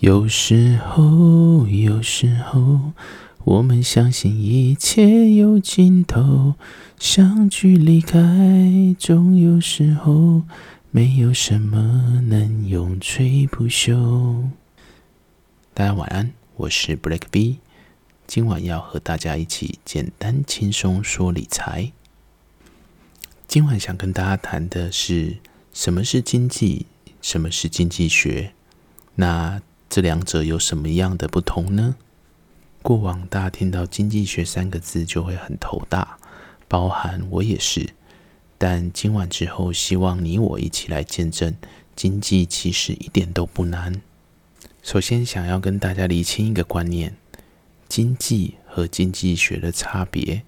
有時候，有時候，我們相信一切有盡頭，相聚離開，總有時候，沒有什麼能永垂不朽。大家晚安，我是 Black V，今晚要和大家一起簡單輕鬆說理財。今晚想跟大家談的是，什麼是經濟，什麼是經濟學？那。這兩者有什麼樣的不同呢？過往大家聽到經濟學三個字就會很頭大，包含我也是。但今晚之後，希望你我一起來見證，經濟其實一點都不難。首先，想要跟大家釐清一個觀念：經濟和經濟學的差別。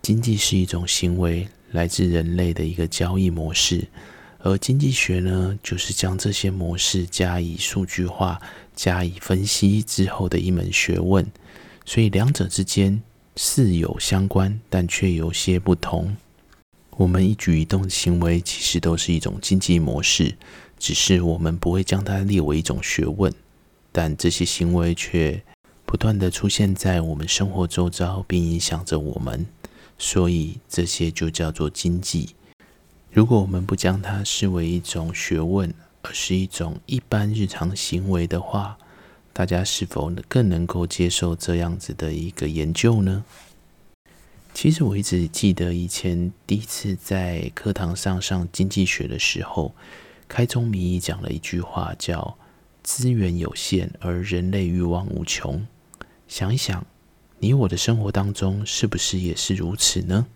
經濟是一種行為，來自人類的一個交易模式。而經濟學呢，就是將這些模式加以數據化、加以分析之後的一門學問。所以兩者之間似有相關，但卻有些不同。我們一舉一動的行為其實都是一種經濟模式，只是我們不會將它列為一種學問。但這些行為卻不斷地出現在我們生活周遭，並影響着我們。所以這些就叫做經濟。如果我們不將它視為一種學問，而是一種一般日常行為的話，大家是否更能夠接受這樣子的一個研究呢？其實我一直記得以前第一次在課堂上上經濟學的時候，開宗明義講了一句話，叫“資源有限，而人類欲望無窮”。想一想，你我的生活當中是不是也是如此呢？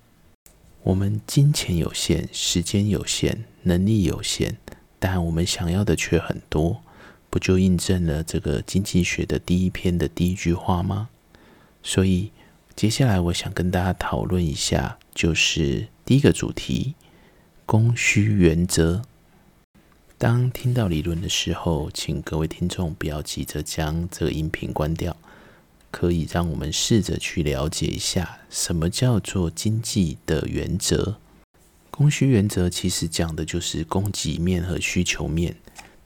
我們金錢有限，時間有限，能力有限，但我們想要的卻很多，不就印證了這個經濟學的第一篇的第一句話嗎？所以，接下來我想跟大家討論一下，就是第一個主題——供需原則。當聽到理論的時候，請各位聽眾不要急着將這個音頻關掉。可以讓我們試着去了解一下，什麼叫做經濟的原則？供需原則其實講的就是供給面和需求面。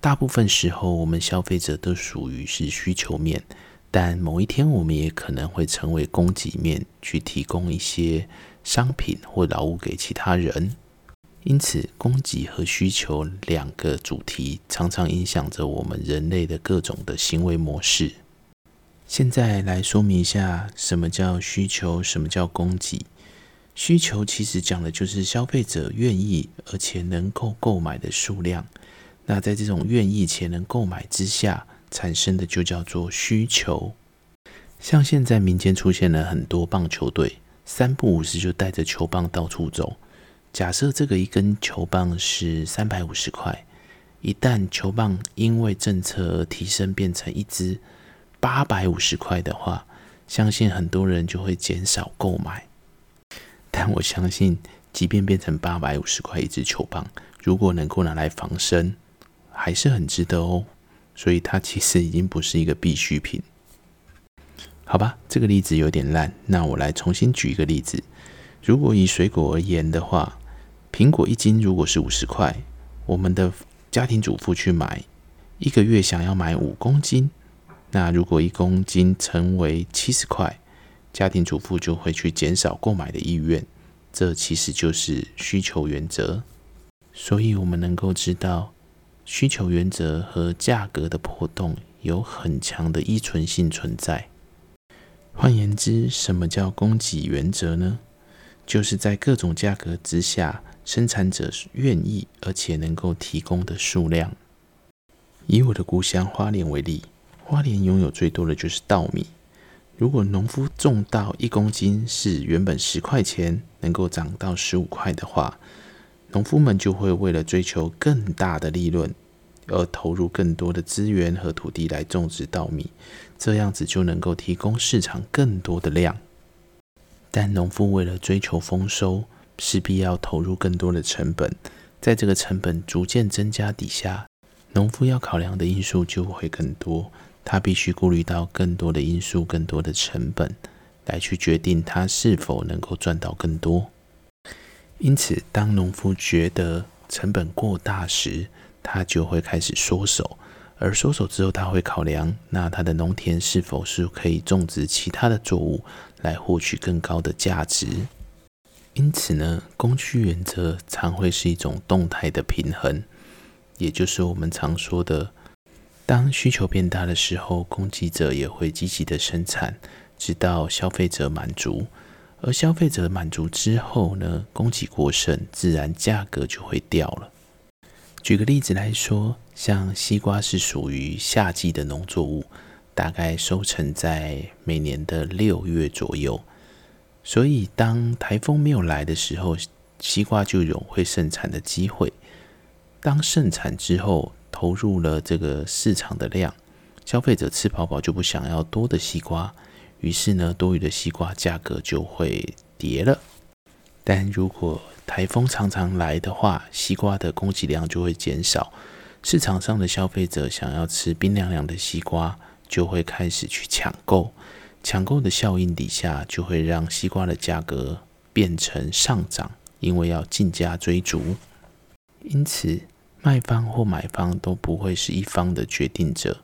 大部分時候，我們消費者都屬於是需求面，但某一天，我們也可能會成為供給面，去提供一些商品或勞務給其他人。因此，供給和需求兩個主題，常常影響着我們人類的各種的行為模式。現在來說明一下，什麼叫需求，什麼叫供給？需求其實講的就是消費者願意而且能夠購買的數量。那在這種願意且能購買之下產生的，就叫做需求。像現在民間出現了很多棒球隊，三不五時就帶着球棒到處走。假設這個一根球棒是三百五十塊，一旦球棒因為政策而提升，變成一支。八百五十塊的話，相信很多人就會減少購買。但我相信，即便變成八百五十塊一支球棒，如果能夠拿來防身，還是很值得哦。所以它其實已經不是一個必需品。好吧，這個例子有點爛，那我來重新舉一個例子。如果以水果而言的話，蘋果一斤如果是五十塊，我們的家庭主婦去買，一個月想要買五公斤。那如果一公斤成為七十塊，家庭主婦就會去減少購買的意願。這其實就是需求原則。所以，我們能夠知道需求原則和價格的波動有很強的依存性存在。換言之，什麼叫供給原則呢？就是在各種價格之下，生產者願意而且能夠提供的數量。以我的故鄉花蓮為例，花蓮擁有最多的就是稻米。如果農夫種稻一公斤是原本十塊錢，能夠漲到十五塊的話，農夫們就會為了追求更大的利潤，而投入更多的資源和土地來種植稻米，這樣子就能夠提供市場更多的量。但農夫為了追求豐收，勢必要投入更多的成本，在這個成本逐漸增加底下，農夫要考量的因素就會更多。他必須顧慮到更多的因素，更多的成本，來去決定他是否能夠賺到更多。因此，當農夫覺得成本過大時，他就會開始縮手。而縮手之後，他會考量那他的農田是否是可以種植其他的作物來獲取更高的價值。因此呢，供需原則常會是一種動態的平衡，也就是我們常說的。當需求變大的時候，供給者也會積極的生產，直到消費者滿足。而消費者滿足之後呢，供給過剩，自然價格就會掉了。舉個例子來說，像西瓜是屬於夏季的農作物，大概收成在每年的六月左右。所以，當颱風沒有來的時候，西瓜就有會盛產的機會。當盛產之後，投入了這個市場的量，消費者吃飽飽就不想要多的西瓜，於是呢，多餘的西瓜價格就會跌了。但如果台風常常來的話，西瓜的供給量就會減少，市場上的消費者想要吃冰涼涼的西瓜，就會開始去搶購，搶購的效應底下，就會讓西瓜的價格變成上漲，因為要競價追逐，因此。賣方或買方都不會是一方的決定者，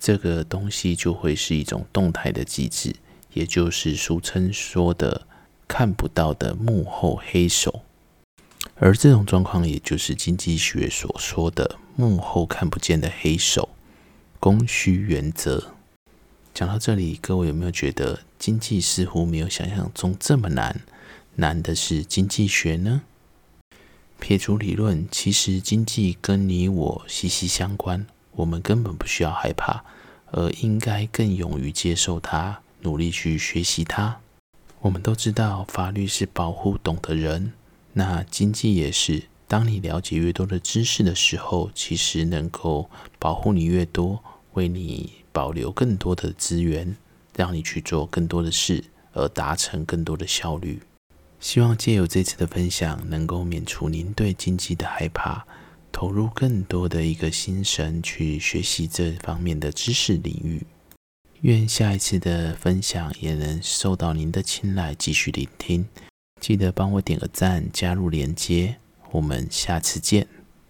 這個東西就會是一種動態的機制，也就是俗稱說的看不到的幕後黑手。而這種狀況，也就是經濟學所說的幕後看不見的黑手，供需原則。講到這裡，各位有沒有覺得經濟似乎沒有想象中這麼難？難的是經濟學呢？撇除理論，其實經濟跟你我息息相關，我們根本不需要害怕，而應該更勇於接受它，努力去學習它。我們都知道，法律是保護懂的人，那經濟也是。當你了解越多的知識的時候，其實能夠保護你越多，為你保留更多的資源，讓你去做更多的事，而達成更多的效率。希望借由這次的分享，能夠免除您對經濟的害怕，投入更多的一個心神去學習這方面的知識領域。願下一次的分享也能受到您的青睞，繼續聆聽。記得幫我點個讚，加入連接，我們下次見。